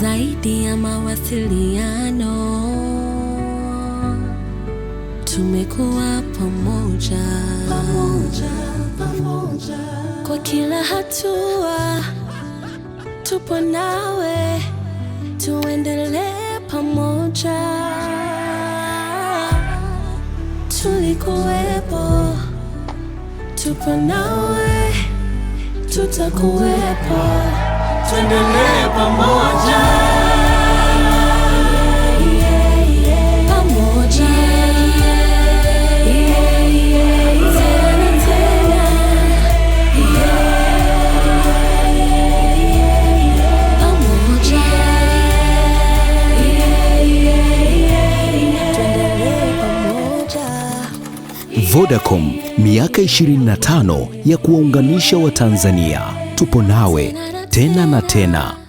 zaidi ya mawasiliano, tumekuwa pamoja, pamoja, pamoja. Kwa kila hatua tupo nawe, tuendelee pamoja, tulikuwepo, tupo nawe, tutakuwepo, tuendelee pamoja. Vodacom miaka 25 ya kuwaunganisha Watanzania. Tupo nawe tena na tena.